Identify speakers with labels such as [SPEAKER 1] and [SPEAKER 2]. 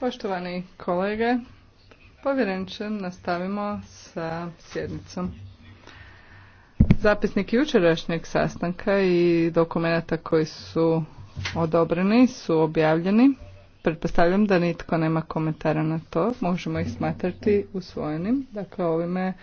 [SPEAKER 1] Poštovani kolege, povjerenče, nastavimo sa sjednicom. Zapisnik jučerašnjeg sastanka i dokumenata koji su odobreni su objavljeni. Pretpostavljam da nitko nema komentara na to. Možemo ih smatrati usvojenim.
[SPEAKER 2] Dakle, ovime